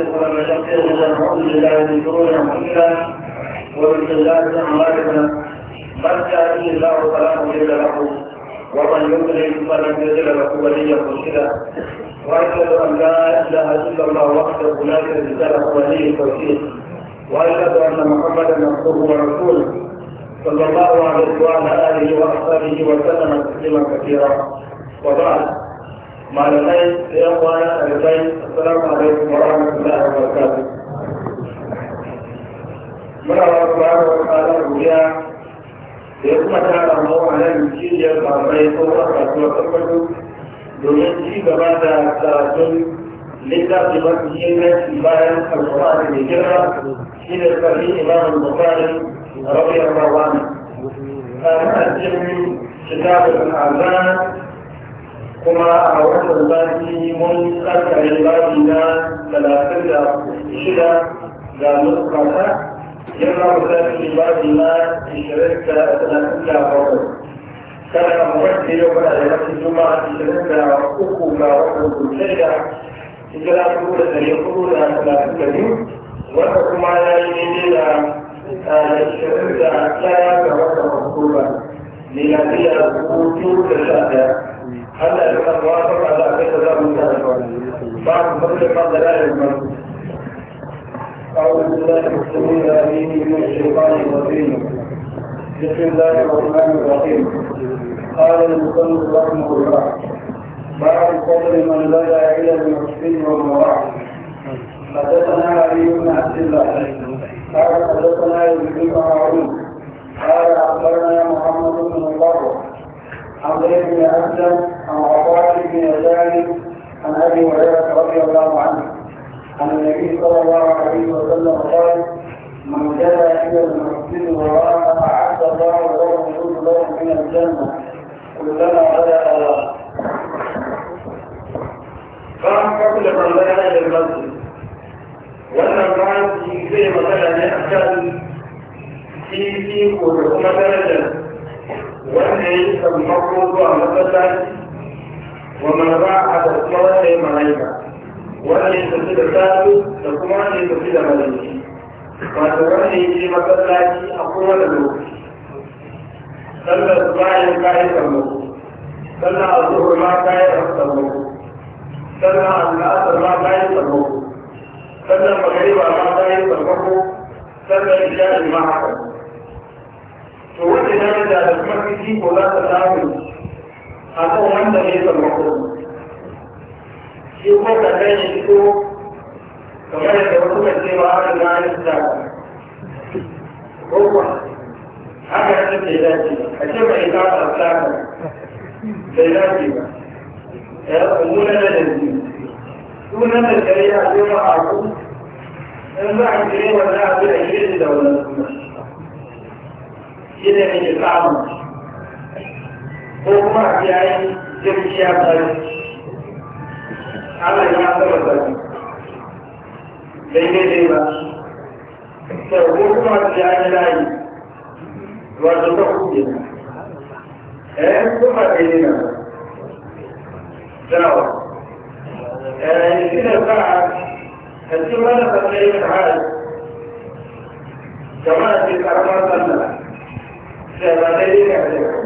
ومن سيئات يضلل فلن يضل له وليا مرشدا واشهد ان لا اله الا الله وحده لا شريك له ولي التوحيد واشهد ان محمدا عبده ورسوله صلى الله عليه وعلى اله واصحابه وسلم تسليما كثيرا وبعد malamai da yan wani alibai assalamu alaikum wa rahmatullahi wa barakatuh muna wa subhanahu wa ta'ala rubiya da ya kuma tara mu a nan malamai ko a kasuwar tabbatu domin ci gaba da karatun littafi mafi inganci bayan alƙur'ani mai girma shi da sarri imam al a rabbi allah wani a cikin kitabul azan kuma a wannan zafi mun tsarkare babi na talatin da shida ga nufata yana musafi babi na ishirin da talatin da bakwai kada mu wacce yau kuna da wasu juma'a ishirin da uku ga wannan kulcai da hijira dubu da ɗari hudu da talatin da biyu wanda kuma ya yi daidai da ishirin da ɗaya ga watan oktoba miladiyya dubu biyu da sha ɗaya هلا لقد وافق على كذا بعد بعض مطلقا لا المرض أعوذ بالله السميع العليم من الشيطان الرجيم بسم الله الرحمن الرحيم قال المصنف رحمه الله بعد قدر من بدا إلى المحسن والمراحل حدثنا علي بن عبد الله قال حدثنا يزيد بن هارون قال أخبرنا محمد بن مقر عن بن أسلم عن عطاء بن يزال عن ابي هريره رضي الله عنه عن النبي صلى الله عليه وسلم قال من جاء الى المسجد وراء اعد الله له وجود له من الجنه كلما بدا الله قام قبل من بدا الى المسجد ولما ruwan في كثير مثلا ne في في titi ko da kuma darajar wanda ومن باع هذا الصلاة ملائكة wanda ya tafi da sabu da kuma wanda ya tafi da malamci wato wanda ya je masallaci a kowane lokaci sallar bayan kayan sammako sallar azuhur ma kayan sammako sallar al'asar ma kayan sammako sallar magariba ma kayan sammako sallar isha'i ma haka to wanda ya da kuma fiti ko za ta samu a kan wanda ya samu shi ko da kai shi ko kamar da wasu ka ce ba a riga ya sa ko ko haka ne ke dace a ce bai ta ta ta bai dace ba ya nuna da da ji nuna da gari a ce ba a ku in za a ce wannan abin da ke da wannan shi ne ne ke samun ko kuma a yayi jirgi ya tsari Allah ya saba tsari daidai dai ba to ko kuma a yayi layi wato ta kuɗi na eh kuma daidai na dawa eh shi ne sa a cikin wannan fasari da hali jama'a ce karamar sallah sai ba daidai ne a cikin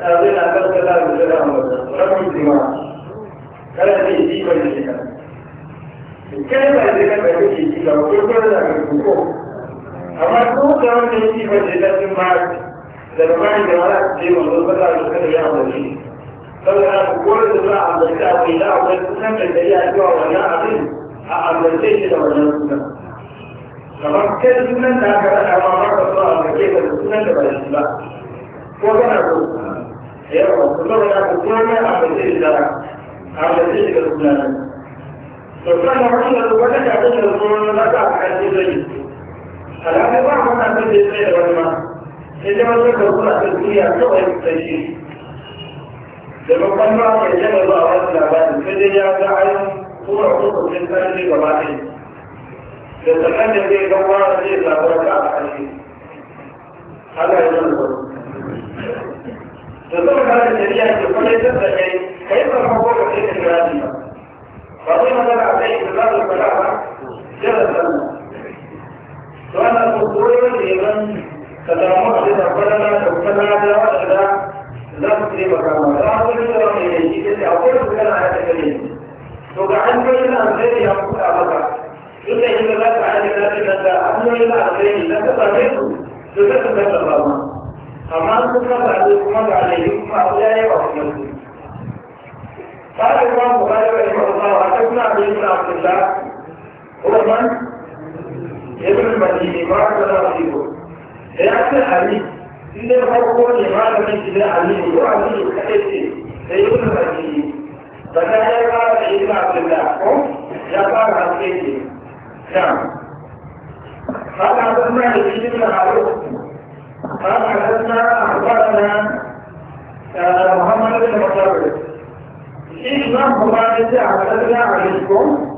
أبدا قد لا يوجد رب الدماء كان في جيبا لك الكلمة اللي كانت في جيبا وكل كلمة في أما كل كلمة في جيبا لك معك لما كان جمالك جيبا وضبطها لكي يعمل فيه فلا كل ما عملت أو لا عملت كنا من دليل أدوى ولا عظيم عملت شيء لما نقول kamar kai sunan da aka rada ma maka zuwa ga gefen sunan da bai shi ba ko kana roƙo yawa kuma da aka kome a kasance da a kasance da kunanan to kan wani da wani da aka da kuma na ka a kasance da yi alaƙa ba mu kan da sai da wani ma sai da wani da kuma a duniya kawai da shi da babban ba ka yi da zuwa wani labarin sai dai ya ga ayin kuma kuma sun kan ne gaba ɗaya da sakan da zai gawa zai zaɓar ka a kasance Allah ya zama تظن هذا الشريعة تقول تبدأ شيء كيف الحقوق في الإسلام فظن هذا عليه إسلام الخلافة جلس وأن الدستور أيضا تتمر بتقبلنا تقبلنا جواب إلى لم تجيب الرحمة لا أقول لك أن يجيك أقول لك أنا على تكليم وقعد بين أمرين يقول أبدا إلا إذا لا تعالى ذلك أن أمر إلى أمرين لا تتعلم تتكلم الرحمة فما أما أنتم بعدكم عليهم فهؤلاء وحدهم قال الإمام البخاري رحمه الله حدثنا علي بن عبد الله هو من؟ ابن المديني ما حدثنا فيه يأتي علي إن الحكم لماذا من كذا علي هو علي الحديثي ابن المديني فكان يقال علي بن عبد الله يقال عن نعم قال حدثنا علي بن عبد الله قال حدثنا أخبرنا آه، محمد بن مصرف في إمام حمادة حدثنا عليكم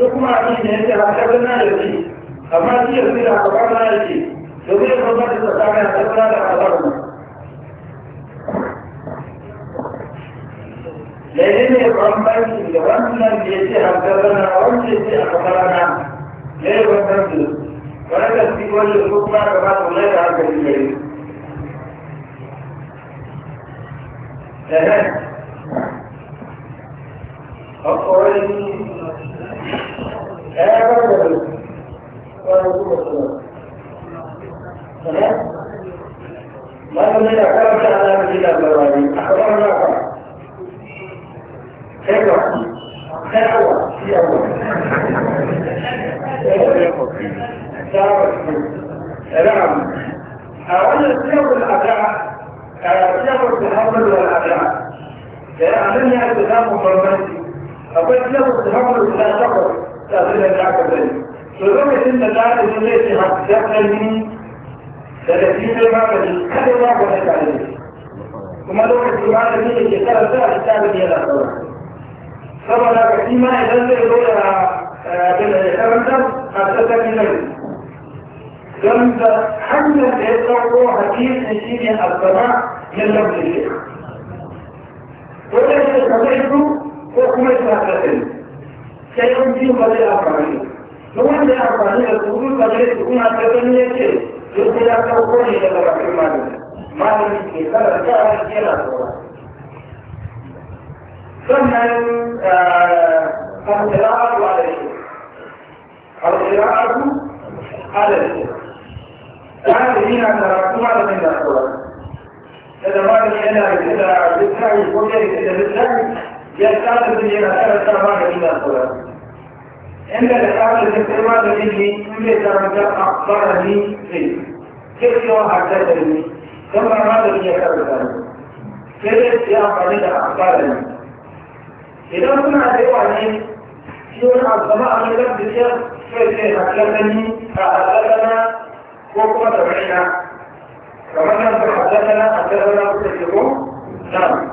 ثم علينا حدثنا يزيد أما في يزيد أخبرنا يزيد يزيد محمد بن مصرف حدثنا أخبرنا لكن يبقى من يجي حدثنا ومن يجي أخبرنا لا يبقى ولم في كل الخطبة كما قلنا عن كثير أقول لا بد ما من أكرمت على مدينة الغربية أخبرنا كيف كيف في أول دعوة نعم أولا سياق الأداء سياق التحمل والأداء لأنني أتدام مفرمتي أقول سياق التحمل لا تقر تأثير الدعوة ذلك فلوك سنة دعوة ليس حق سياق المين ثلاثين المعبد كل ما قلت عليه وما لو اجتماع المين يتكلم فيها الكتاب هي الأخبار طبعا لكن ما إذا أنت يقول بالكلام ده حتى تكلم جنب حملة يطلعوها كيف نسيني السماع من لفظ الشيخ وليس سمعته حكمة هكذا سيمضي بدء أفعاله لو أن أفعاله تقول بدء تكون هكذا من الشيخ يقول لك أقول لك رحمة الله ما يمكن فلا تعرف كلا ثمن القراءة على الشيخ القراءة على الشيخ ɗalibi na karatu malamin na kowa da malami yana da littafi ko yana da littafi ya ɗalibin yana karanta malami na kowa inda da ɗalibin sai malami ne in zai karanta a malami sai sai cewa a tattali don ba malami ya karanta ne sai dai ya amfani da malami idan suna da yawa ne shi wani abu zama a mai ɗan da ya sai sai a kallani a al'adana وكما تبعنا كما كان حدثنا أكثرنا مستشرون نعم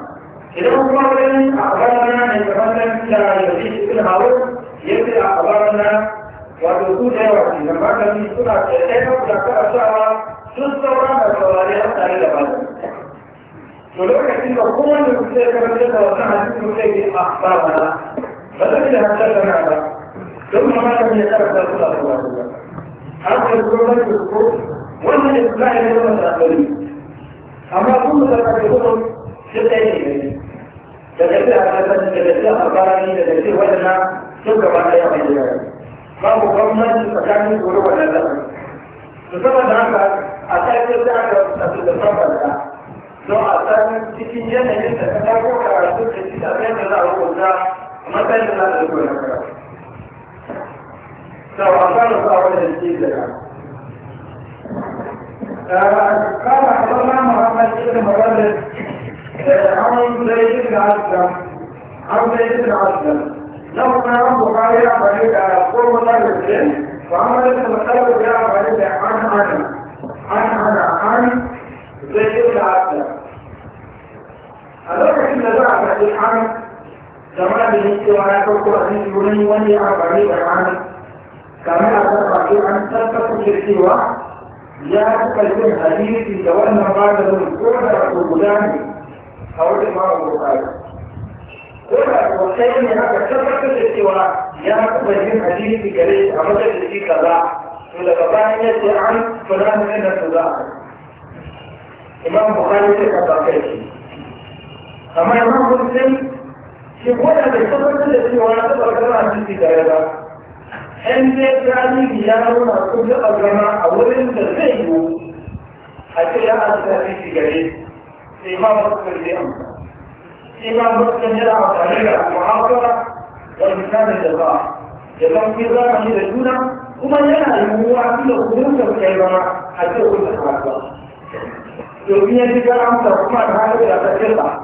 إذا كما بين أخبارنا أن يتمثل إلى يزيد في الهول يبدأ أخبارنا وتكون يوحي لما كان من سنة تأتيها وتكون أشعر تستورا الفواريات على الأبد ولكن كل مكتئب من يتوقع أن يكون أخبارنا فلن يهتم هذا ثم ما لم يترك رسول الله صلى الله عليه وسلم harkar gwamnati da ko wannan islahi ne na masarafari amma kun da ka ko shi da ne daga shi a kasar daga shi a barani daga shi waɗannan sun gaba ɗaya mai jirage babu gwamnati tsakanin tsoro waɗannan lamarin to saboda haka a sake da aka tafi da sabanta don a san cikin yanayin da ka ko karatu da shi da za a rubuta matsayin da za a rubuta لو أقل صعب الجيل آه، قال حضرنا محمد بن مغلق آه، عمرو زيد بن عسلم عمرو زيد بن عسلم لو كان البخاري يعمل قوم مدرسين وعمل بن مغلق يعمل عن عن عن عن عن زيد بن عسلم الوقت اللي بعد الحمد زمان بالنسبة وأنا أقول أن يقولني وني أعمل عن كما أتبقى أن تتبقى الشركوة يا تكلم حديثي سواء بعد الكرة والبلدان أو ما الإمام البخاري ولا وسائل هذا تتبقى الشركوة يا تكلم حديثي كريم أمد الشركي كذا ولا كذا عن فلان من الكذا إمام البخاري تتبقى أما إمام مسلم شيخ ولا تتبقى الشركوة تتبقى الشركي كذا in dai galibi ya nuna kudu a zama a wurin da zai yi a ce ya an tafi shi gare sai ma fuskar zai amsa sai ma fuskar yana amfani da muhammara da misalin da ba ya san fi zamani da juna kuma yana yiwuwa da kudin da kai zama a ce kun da kasuwa domin ya ji gara amsa kuma da hali da ta kirba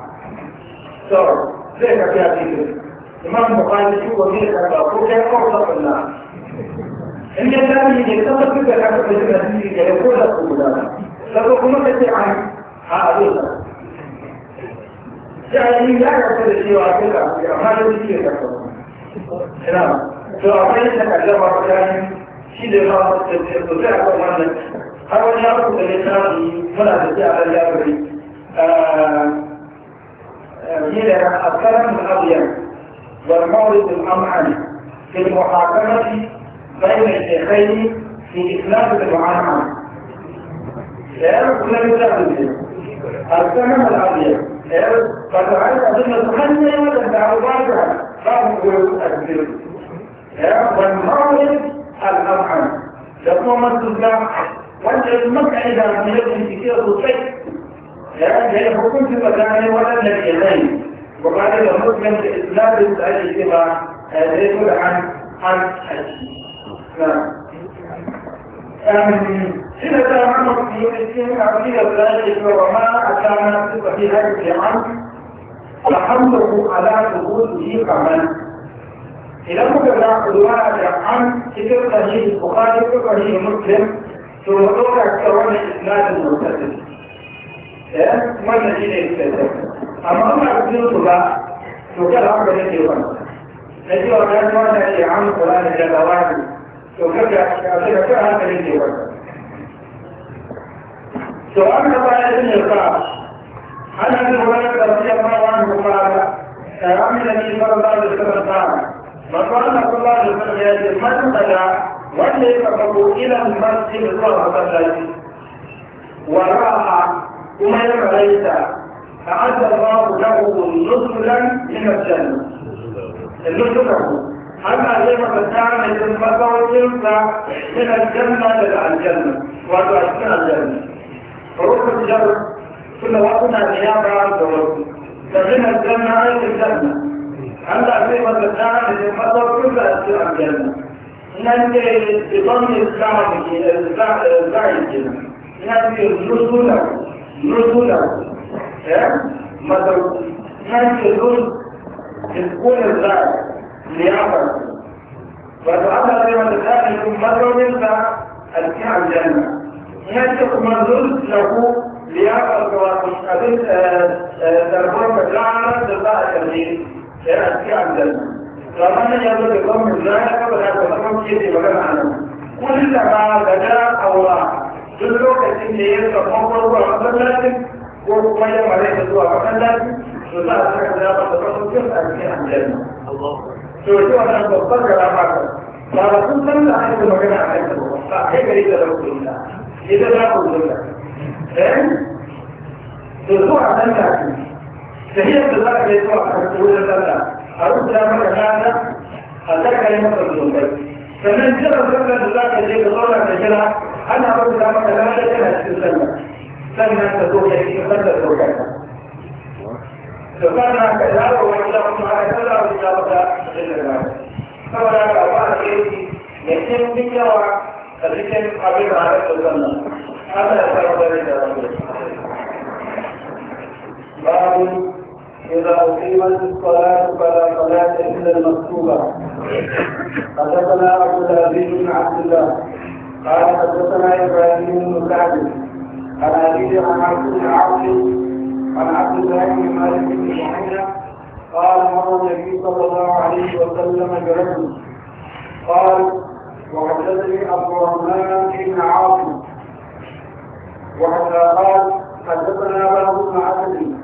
to zai tafi a cikin imam bukhari shi wani da karba ko kai kawai da kullum in ya sami ne kasar duk da kasa da jina jini da ya kola su guda sabo kuma ka ce an a abin da jami'in ya kasa da cewa ta da amma da jini ya kasa ina to akwai yadda kallama ta jami'in shi da ya ma da ta sosai a kan wannan har wani ya kuka ne sami muna da ce a kan labari yana asalan mu abiyan wal mawrid al am'an في المحاكمة فهم الشيخين في إسلام المعامل سيارة كلها يتعلم السلام الأبيض قد فتعالى أظن تخلي ولا تعرضاتها فهم الأبيض والمعرض الأبعد يقوم التزام وانت المقعدة من يجب كثيرة الشيء لأن حكم في مكان ولا الشيخين وقال المسلم بإسلام الاتباع يقول عن عن الشيخ يعني إذا كان عمر في يوم الدين عقيدة ذلك وما كانت في في عمر فحمله على ثبوته كمان إذا كنا قدوانا عن كتب صحيح البخاري وصحيح مسلم ثم توقع كون إسناد المرتد ما نجد إسناد أما أما أبدو تبا تكال عمر يجي وانا نجي وانا نجي عن قرآن جل وعلا to kada ka shiga kan hankali ne wannan to an ka bayan sun yarda an yi zuwa da tafiya ma wani kuma da karamin da ni fara da su kan ta manzo Allah sallallahu alaihi wasallam ya ce man tsada wanda ya kafa ko ila masjid zuwa masallaci wa ra'a kuma ya karaita ta'adda Allah lahu nuzulan min al-jannah nuzulan أما يبقى الدعم إذن فضعوا تلك من الجنة إلى الجنة وضع من الجنة روح الجنة كل وقتنا نيابة عند روح فمن الجنة إلى الجنة أما يبقى الدعم إذن فضعوا تلك من الجنة ننتهي بضم الزعم الزعم ننتهي نزولا نزولا إيه؟ مدرس ننتهي نزول الكون الزعم ليعمل وتعالى لمن الآن يكون مدرون فألقي الجنة يشق مدرون له ليعمل كواكب أبيت تربون بجعل دفاع التمرين فألقي الجنة ومن يقول لكم ذلك فلا تفهم شيء ولا معلم كلما بدا الله duk lokacin da ya samu farko a masallacin ko kuma ya mare da zuwa masallacin to za a saka da ba da to shi wannan babban gara haka ba da kun san da aka yi magana a kan ba kai gari da rauƙin da ita za ku zuwa eh to zuwa nan da ku sahiyar da za ka yi zuwa a kan wurin sallah a rubuta maka rana a zakarin maka zuwa sannan jiran sallah da za ka je ka zauna ka jira ana rubuta maka rana tana cikin sallah sannan ka zo ka yi sallah da وكان كذلك وإنهم ما كذا وإنهم على saboda haka ba a ce بك ce duk yawa a cikin abin da aka إذا أقيمت الصلاة فلا صلاة إلا المكتوبة حدثنا عبد العزيز بن عبد الله قال حدثنا إبراهيم بن كعب عن أبي عن عبد العاصم عن عبد الله بن مالك بن معينة قال مر النبي صلى الله عليه وسلم برجل قال وحدثني عبد الرحمن بن عاصم وحتى قال حدثنا بعض بن عبد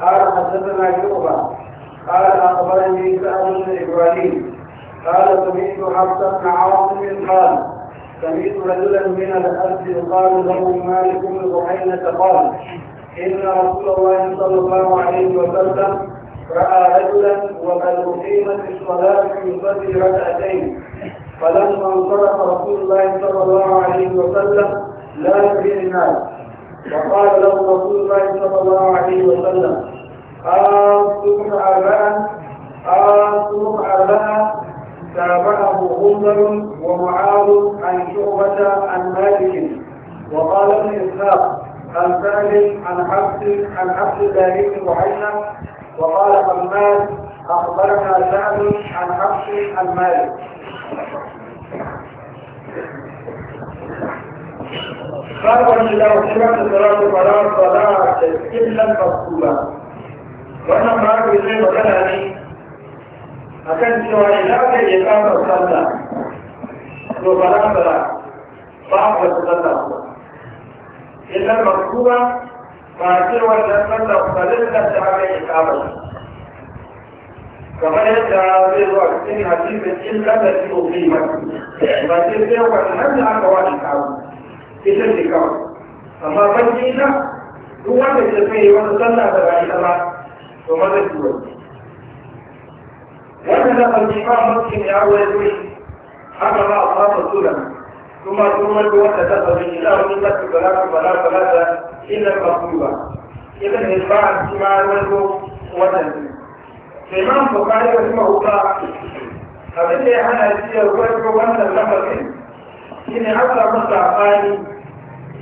قال حدثنا شعبة قال أخبرني سعد بن إبراهيم قال سمعت حفصة بن عاصم قال سمعت رجلا من الأرض قال له مالك بن بحينة قال إن رسول الله صلى الله عليه وسلم رأى رجلا وقد أقيمت الصلاة يصلي ركعتين فلما انصرف رسول الله صلى الله عليه وسلم لا يدري الناس وقال له رسول الله صلى الله عليه وسلم آتكم آباء آتكم آباء تابعه غندر ومعاذ عن شعبة عن مالك وقال ابن إسحاق عن سهل عن حبس عن حبس بن معينة وقال حماد أخبرنا سهل عن حبس المال قال ان الله سبحانه الصلاة فلا صلاة إلا المقصودة وأنا معك بزي مكان akan أكن idan aka yi kamar sallah to ba za ba ba إلا المكتوبة فأكيد وأن فللت على إقامة كما يدعى في الوقتين حديث إلا التي أقيمت فأكيد في وأن على إقامة إلا الإقامة أما فالدينة هو أن يتفيه وأن صلى تبعي الله وماذا تقول وأن الإمام مسلم يعود به حكم الله رسوله ثم ثم وتتخذ الى ارض فلا فلا فلا الا المطلوبه اذا ادفع اجتماع الوجه وتنزل الامام البخاري رحمه الله قبل لي انا اجي الوجه وانت النفر ان اول مصر قال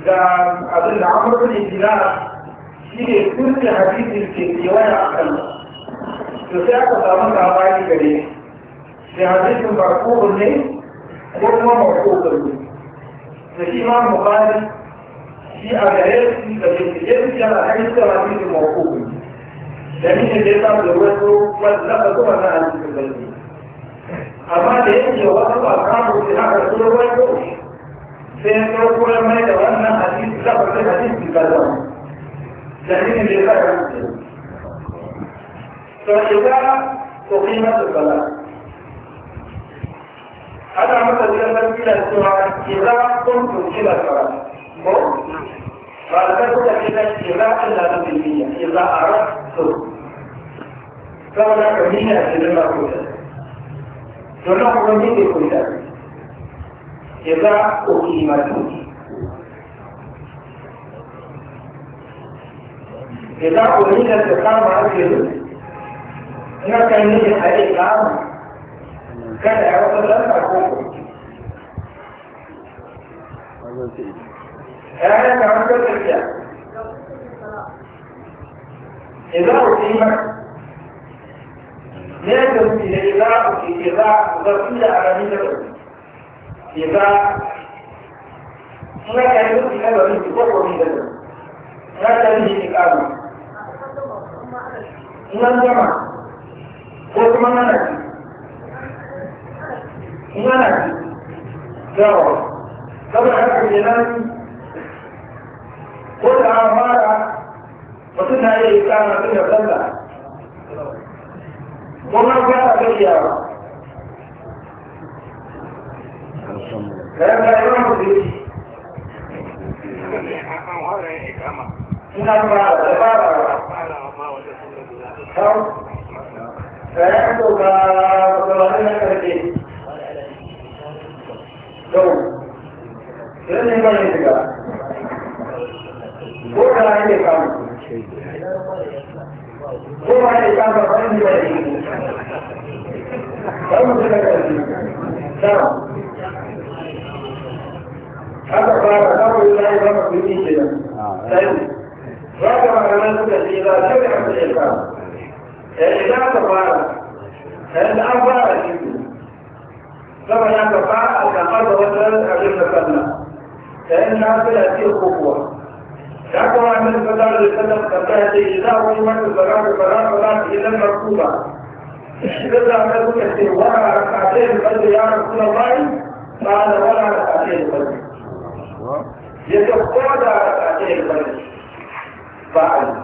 اذا اظن عمر بن دينار في كل حديث في الروايه عقل يساعد تماما قال لي في حديث مرفوع لي وهو مرفوع لي في إمام مخالف في أجلس في بجلس جلس على حاجة كما في الموقوف لمن الجلسة بلوته والزلقة كما أنا أجلس في البلدي أما لأن جواب أقام بسناء رسول الله فإنه كل ما يتوانى حديث زلقة في حديث بكذا لمن الجلسة كما في البلدي فإذا تقيمة البلد ana masa neman gina cewa kira kun tunci da kara ko ba da kuka kira kira in da ta bibiya kira a rasu saboda ka niyya ce da na kuta don na kuma ne kuta kira ko kimatu إذا أريد الإقامة أجل إنك إليه الإقامة kada ya wata lanta ko kurki ya yi tafiya idan usimar ne da su ne idan usimar idan zafi da arami da zafi idan na kai su ne da ko kurki da zafi na kai ne ƙaru na zama ko kuma na nasi إيمانك يا رب طبعا حق الإيمان كل أعمارة وسنة إيه إسلام رسول الله وما كان به يا رب فلما يرمز به من أمراض البارة فيحضر ما رسول الله idan ne ko da ya ne samu ko ne ba ne ba ne ba mu haka ba ba zai ba ke nan sai ba a cikin ka ka لما ينفع الأقل وزن أجل نفسنا لأن نعمل هذه الخطوة يقول عن النبي صلى الله عليه وسلم تنتهي الإجزاء ويمن الصلاة والصلاة والصلاة إلى المكتوبة إذا أخذوا يحسن ولا ركعتين الفجر يا رسول الله قال ولا ركعتين الفجر يتقوى ركعتين الفجر فعل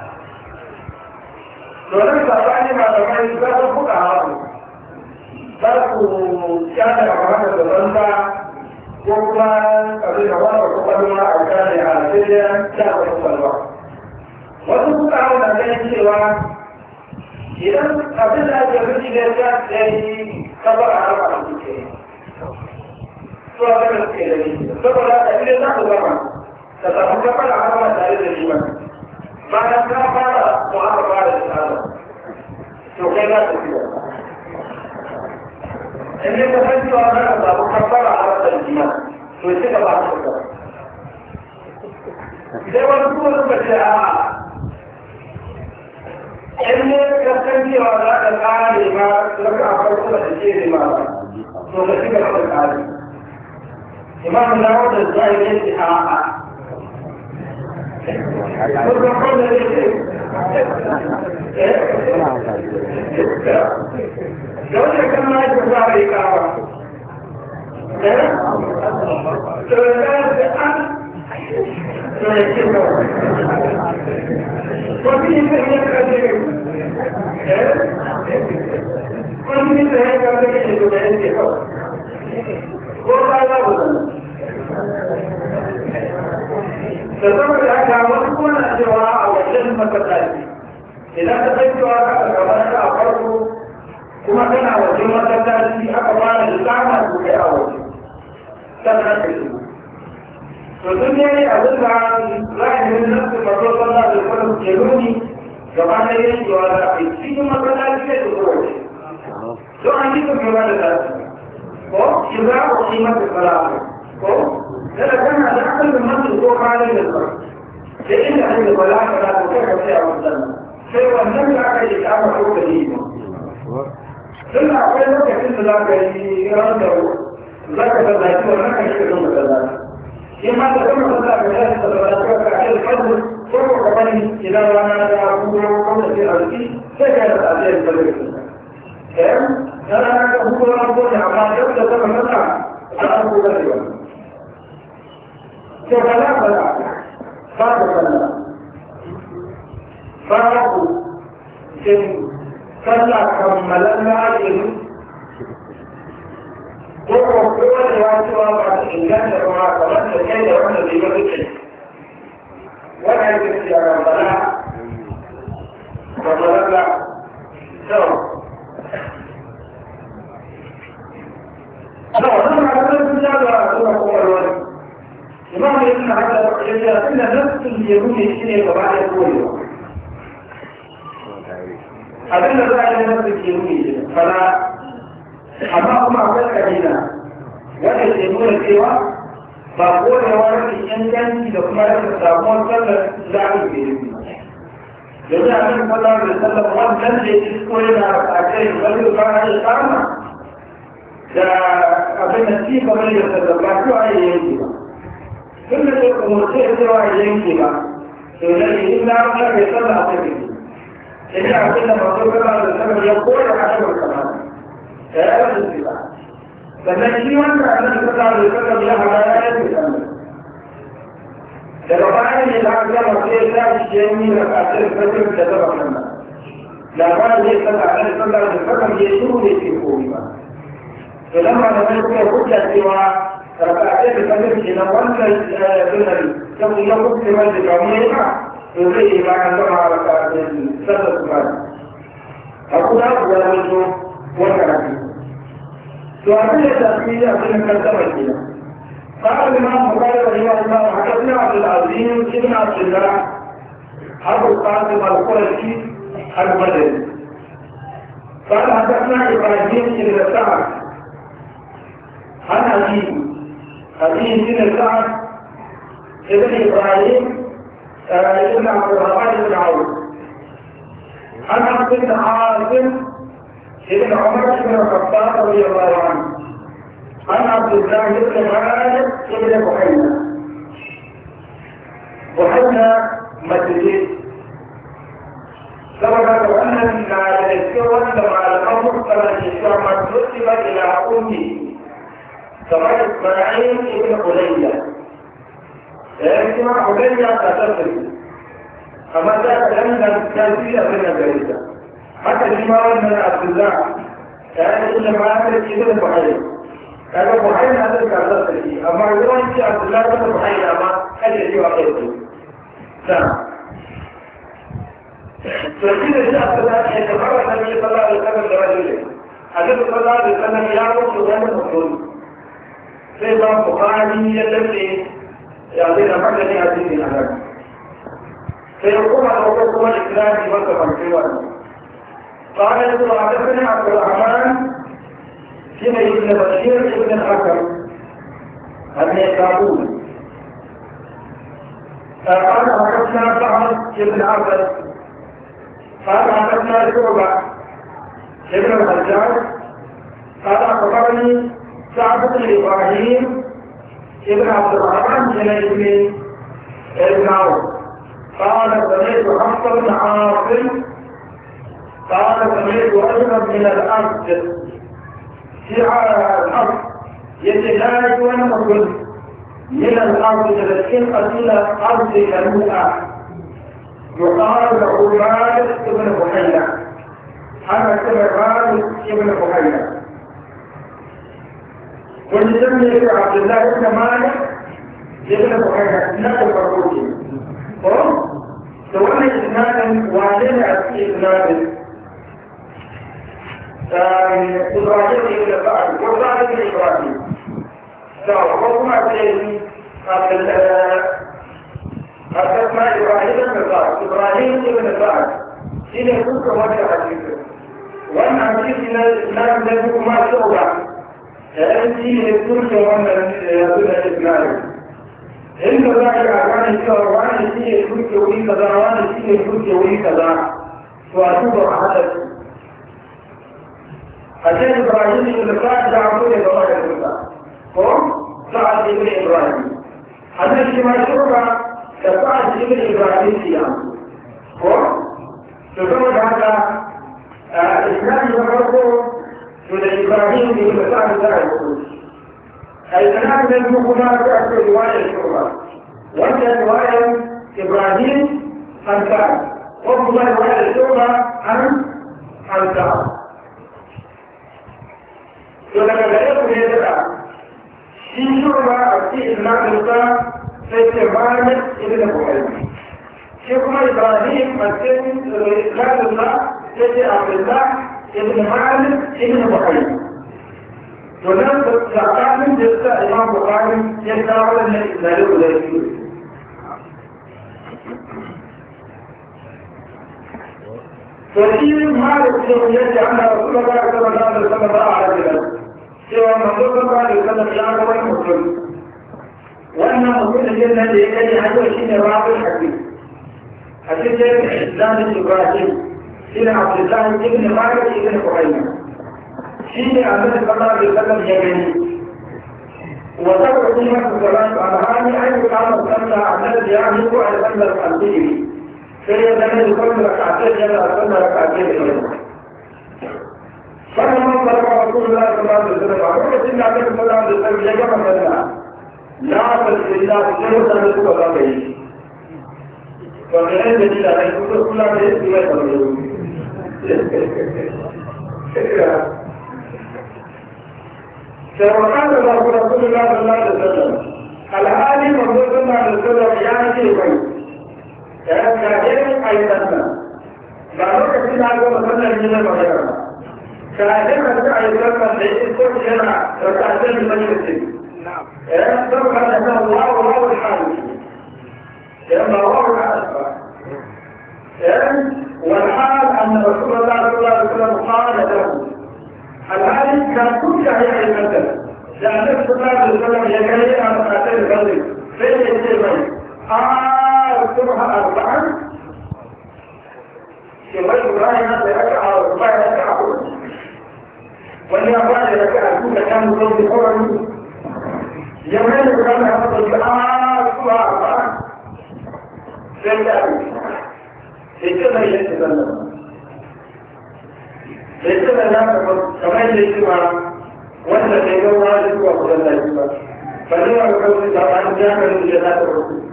ولم تفعل ما تفعل الفجر فقعه تركوا shafe a mata da banza ko kuma abin da wata kwakwalwa a wuta ne a Najeriya shafe kwakwalwa. Wasu kuka hau na ganin cewa idan abin da ake rufi da ya tsaye kaba a harfa da suke. Su a ganin suke da ni, saboda a cikin za ku gama, da samu kafar a harfa tare da shi ba. Bayan ka fara mu'amala da tsara, to kai za ka fi in ya kasance wa nan a samu kafara a rasar jima to ya cika ba a kafara sai wani kuma suka ce a in ya kasance wa za ka kare ma raka a farko da ke ne ma to ka cika ba ka kare imam na wanda zai ne ce a a Kusan kwanan da ke da wanda kan ma ya za a yi kawa to da da an to ya ce ba ko bi ne ya ka ce ko bi ne ya ka ce ne to da ya ce ba ko ba za ku da saboda haka wani kuna cewa a wajen masallaci idan ka sai cewa ka kamar ka a farko kuma kana wajen masallaci aka fara islama ko kai a waje sannan ka shigo to sun ne abin da zahirin nasu mazo sallah da kuma ke nuni gaba da yin cewa za a yi cikin masallaci da shigo waje don an yi kuma ba da zasu ko shi za a yi masa salama ko kada kana da akalin masu ko halin da sauran da inda ake bala ka za ka kai ka sai a wajen sai wannan da aka yi ta aka ko da yi ba tun akwai lokacin da za ka yi ran da za ka tallafi wannan kan shi kan masallaci in ma da kuma za ka yi da tallafi ka kai fadu ko ko ka bani idan rana ta kuma ko da ke alƙi sai ka da ajiyar tallafi eh dan ka kuma ran ko da amma da da kuma masa za ku da shi to kala kala fa da kala fa ku sai sallah kammalan na ake yi ko kuma kowane ya cewa ba su inganta ruwa kamar da kai da wanda zai yi rikin wanda ya ce ya kammala kammalan na sau ana wannan ma'aikatar sun ja da suna kuma ruwan imam ibn hajar ya ce sunna nafsul yahudi shine gaba da koyewa abin da za a yi masa ke nuni fara amma kuma akwai kabila wanda ke nuna cewa ba korewa rashin inganci da kuma rashin samuwar sallar zaɓi ke yi yanzu a cikin sallar da sallar wannan da ya ci koyi na a kai wani ba a yi kama da abin da ci kamar da sallar ba su a yi yanki ba tun da ke kuma ce cewa yanki ba to da ke yi na rashin sallar a cikin إذا جميع عقلنا مرضوك الله عليه وسلم يقول حشو الكمال كلام الاتباع فمن في وانت النبي صلى الله عليه وسلم لها ما لا يتسمى في يلعب لها مصير لا الشيمي لفعتر فتر كتب محمد لقد يسأل عن صلى الله عليه وسلم يشوف في قومه فلما نملك حجة سوى رفعتر فتر كتب محمد كم يقول لمن الجميع إليه بعد سمع ركعتين ثلاث سمعات أقول هذا وجهه وكعبه وأبي تأكيد أبي كذب كده قال الإمام بخاري رحمه الله حدثنا عبد العظيم بن عبد الله أبو القاسم القرشي البدري قال حدثنا إبراهيم بن سعد عن أبيه أبيه بن سعد ابن إبراهيم ابن عبد الرحمن بن عوف بن عمر بن الخطاب رضي الله عنه عن عبد الله بن مالك بن بحيرة بحيرة مسجد سبب أن الكون مع الأمر كما الإسلام نسب إلى أمه كما إسماعيل بن حليلة يجمع حجية تتفل أما تأتمنى كالفية من الجريدة حتى جماعة من الأبداع يعني إلا ما أعمل إذن البحير كان البحير هذا كالفية أما يقول أنت عبد الله كان البحير أما هل يجي وقيته نعم فكيف جاء الصلاة حيث مرة النبي صلى الله عليه وسلم لرجله النبي صلى الله عليه وسلم يعرف لهذا المفروض فإذا البخاري يدري يعطينا حاجة دي هذه من فيقول سيقوم على وقوم الإسلام في مكة الحوار قال يقول حدثنا عبد الرحمن فيما ابن بشير ابن الحكم أن النيسابوري فقال حدثنا سعد بن عبد قال حدثنا شعبة ابن الحجاج قال أخبرني سعد بن إبراهيم ابن عبد الرحمن جنيد ابن عوف قال سمعت حفص بن عاصم قال سمعت رجلا من الارض شعار الارض يتهاجم وانا من الارض تبكين الى ارض كنوءه يقال له مالك بن بحيره انا كما مالك بن بحيره واللي لم يكن عبد الله بن مالك ابن بحيرة نقل فرقوتي فوانا إسنادا وعلينا أسكي إبراهيم إلى بعض وبعض إلى إبراهيم فحكم عليه أسمى إبراهيم بن بعض إبراهيم بن بعض إلى كل كما تحديثه وأن أمسكنا الإسلام له ما شعبه تأتي للترك وانا يقول إسماعيل إنت ذاك أعوان الشهر وانا فيه الكل وإنت ذا وانا فيه الكل وإنت ذا وأتوب أحدث حسين إبراهيم اللي كان دعوه لبواجه الله قم سعد ابن إبراهيم حسين كما شرب كسعد ابن إبراهيم سيام قم فكما هذا إسلام يقول من الإبراهيم في مسار ذلك الكلام ده يقولنا أكثر رواية الشهرة وأن رواية إبراهيم عن كعب رواية الشهرة عن عن ولما ولما لقيت هذا في شهرة في المعنى في استعمال ابن بحيرة شيخنا إبراهيم مثل إخلال الله سيدي عبد الله ابن خالد ابن بخير ونفس التعامل جلسة إمام بخاري يتعامل أن الإسلام ولا فكثير من هذا الشيء أن رسول الله صلى الله عليه وسلم رأى رجلا سوى أن رسول الله صلى الله عليه وسلم شعر ومسلم وأن مؤمن الجنة يجري عنه شيء راوي الحديث حديث الإسلام الإبراهيم شيء عبد الله ابن خالد ابن قريمة شيء النبي صلى الله عليه وسلم يمني وتبع قيمة الصلاة على هذه أي قام صلى الذي يعمل على صلى القلبي فهي زمن يصلي ركعتين جل صلى ركعتين اليوم فلما صلى رسول الله صلى الله عليه وسلم عمرة النبي صلى الله عليه وسلم يجمع صلى لا تصل إلا بكلمة رسول الله فمن الذي لا يكون كل ما يسمى فقال له رسول الله صلى الله عليه وسلم الآن من صلى الله عليه وسلم يعني شيء كافر أي سنة لا نكفي عنه مثلا من المغيرة كافر أي سنة ليس كل سنة وتعزل من المسجد نعم سبحان الله والله الحمد لأن الله تعالى والحال أن رسول الله صلى الله عليه وسلم قال له الحالي كان كل شيء المثل لأن صلى الله عليه وسلم يجري على هاتين الغزل فين يجري أرسلها أربعا في غير الله ركعة أربعة ركعة واليابان ركعة كل كان يصلي حرم يومين كان يصلي أرسلها أربعا جنة لكما يتبلغ لكما نعمل كمان لكما وانت تيمم واجب وقبل الله فلما نقول طبعا جامل الجنات الرسول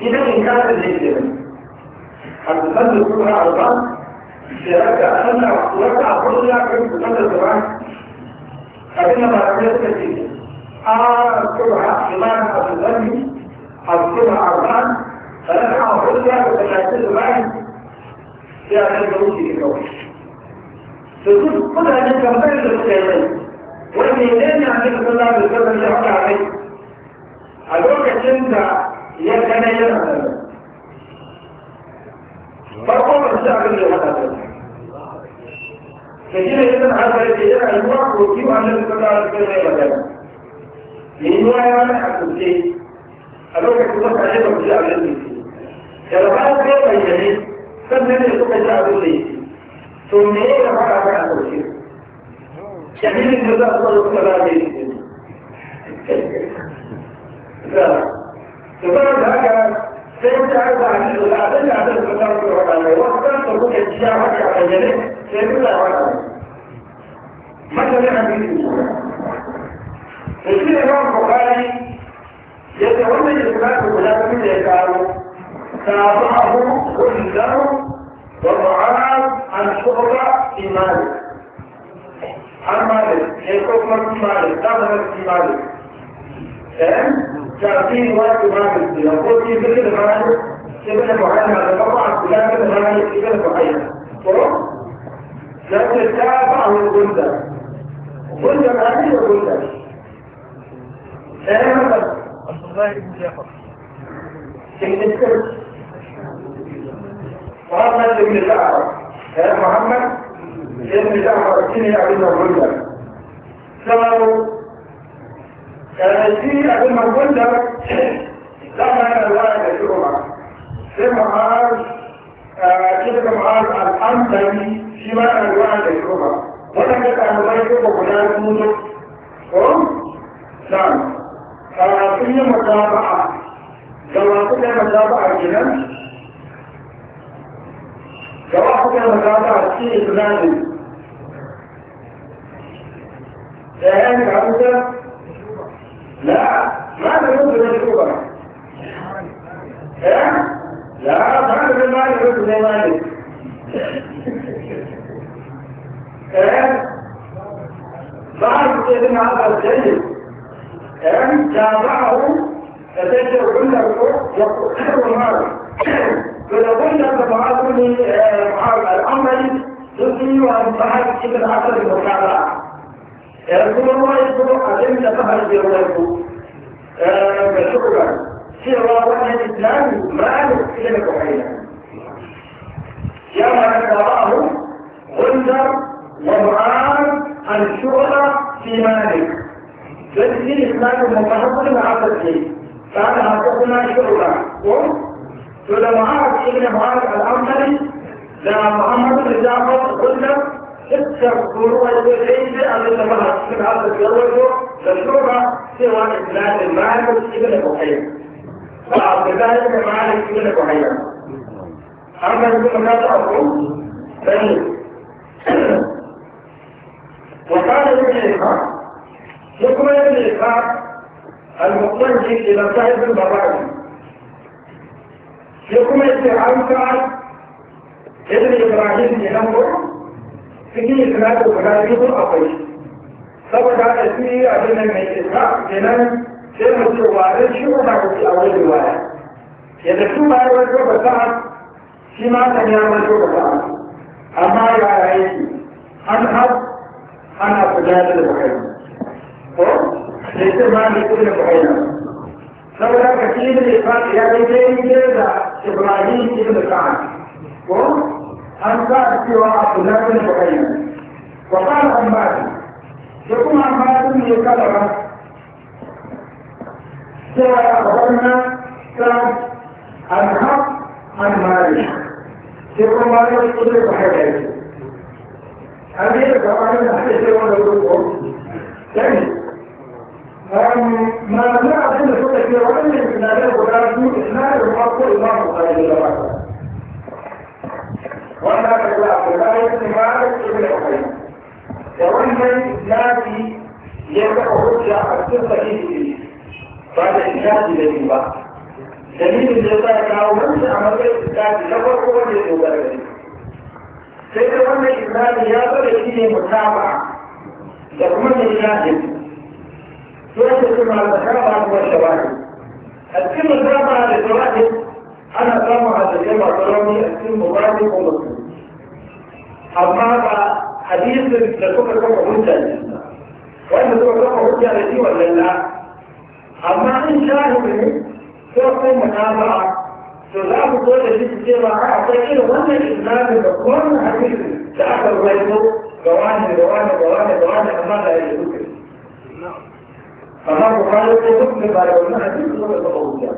إذا إن كان الهجرة الفضل كلها على البعض شراكة أهم ركع كل لكن بفضل الزمان فإن ما عملت كثيرة أذكرها إمام أبو ذنبي أذكرها أربعة فنحن المفروض ياخد الحاسيل معي يعني الروسي الكون فكل كل هذه الكمبير للخيالات وإن يلين عندك كل هذا الكلام اللي حكى عليه أدوك انت يا كان يلعب فقوم الشعب اللي هذا فكده يتم على الجزيرة الوقت وكيف عندك كل هذا الكلام اللي لأنه أنا أحد الشيء الوقت كنت عليه وكذا عليه da rabar zai bayyane sannan ne suka ji abin da yake to me ya fara ka a sauke jami'in da za su zo kuma za a yi da da haka sai ta yi ba a cikin da abin da abin da ta rufe wata mai wasu kan su kuka ci ya haka a bayyane sai duka wata mai matsalin abin da shi ne ba mu kokari yadda wannan yadda za su kula da ya kawo تابعه كلهم وضعاف عن شغل في مالك عن مالك يكون من مالك دخل في مالك فاهم؟ تعطيه وقت مالك يقول في ذكر مالك ابن معين هذا طبعا كلام ابن مالك ابن معين لكن تابعه الجندة جندة مالك وجندة فاهم؟ إيه؟ عبد الله بن جعفر إيه؟ محمد ابن جعفر يا محمد ابن جعفر السني أبي المغلب سمعوا السني آه، أبي المغلب لما الله يسوع سمع كده معاذ آه، الحمدلي فيما أنواع الحكمة ولكن أنواع الحكمة لا يوجد نعم آه، في متابعة لو أقول متابعة جنان جواب كان مقاطع كثير إسلامي إعلان عبده لا ما تنظر للكبرى لا ما تنظر مالك رد زي مالك بعض سيدنا عبد الجليل جامعه فتجر كل الروح يقول مالك فلو قلنا تفاعل آه، العمل يمكن وأن تحقق ابن عشر المتابعة يقول الله يقول عدم تفهم بيومه شكرا سوى وجه الإسلام ما نسلمك حينا كما قرأه غندر ومعان الشغل في مالك فالدين الإسلام المتحصل مع التسليم فهذا حققنا شغلا فده معاك ابن معاك الأمثلي لا محمد بن جعفر قلنا اكثر فروع الجيدة التي ظهرت من هذا التزوج مشروعة سوى إسلام المالك ابن بحيرة فعبد الله بن مالك ابن بحيرة أما يكون هذا أبوه فهي وقال ابن إسحاق حكم ابن إسحاق المخرج إلى صاحب البراجم sai kuma yake an ka ibn ibrahim ne nan gurin cikin isnadu guda biyu akwai saboda da shi abin nan mai isra kenan sai mu ce wa ran shi ba ku ci a wani riwaya yadda su ma ya wato ba sa'a shi ma kan ya wato ba sa'a amma ya yi an hab ana kula da bukhari ko sai sai ma ne kula da bukhari saboda ka ci ne fa ya yi dai da إبراهيم بن كعب وعن سعد سوى عبد الله بن بحيرة وقال عماد يقول عماد بن كلمة سوى أخبرنا سعد عن حق عن مالك يقول مالك بن بحيرة هذه الكلمة حديث يوم الوقوف ثاني ما نعرف ان صوت كبير وان الاسلاميه الغدار دي احنا الحق الامام البخاري لما وانا اقول عبد الله بن مالك بن عقيل وان نادي يبدا رجع الصوت كبير بعد الشهاده الذي بعد دليل الجزاء كاو من عمل الاسلام لفر هو اللي يبرر سيدنا محمد الاسلام يا بلد متابعه لكم الشاهد سورة الجمعة الكرامة هو الشواهد الكلمة الرابعة للشواهد أنا سامع الجمع الكرامي الكلمة مبارك ومسلم أما حديث لسوق الكرامة هجة وأن سوق الكرامة هجة لدي ولا لا أما إن شاهد سوق المتابعة فذاك كل شيء كثير على تأكيد وأن الإسلام يكون حديث تأخر ويده جوانب جوانب جوانب جوانب أمام لا يجوز فالإمام البخاري يقول مسلم بعد كل حديث يقول البخاري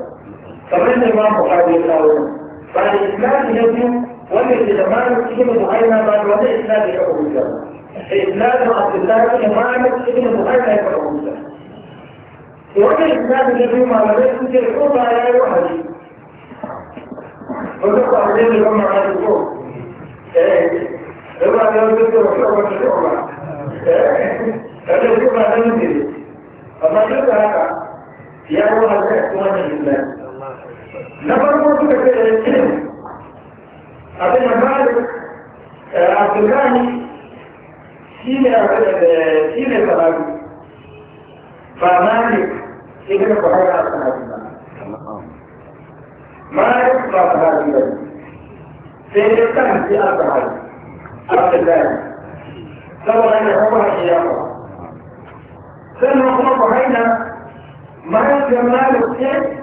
فمن الإمام البخاري يقول فالإسلام يجب والاستجمال ابن بخيمة بعد وضع إسلام يقول إسلام عبد الله بن معبد ابن بخيمة يقول وضع إسلام يجب مع مدرسة الحوضة على وحدي وذكر عليه الأمة على الدكتور إيه إيه إيه إيه إيه إيه إيه إيه إيه إيه amma duk da haka ya yi wani kai kuma da islam na farko suka ce da yin abin da malik abdullahi shi ne shi ne sahabi ba malik ibn buhari a sahabi ba malik ba sahabi ba sai dai kan shi a sahabi abdullahi saboda ya kuma shi ya kuma ثم خلط هنا ما جمال الشيء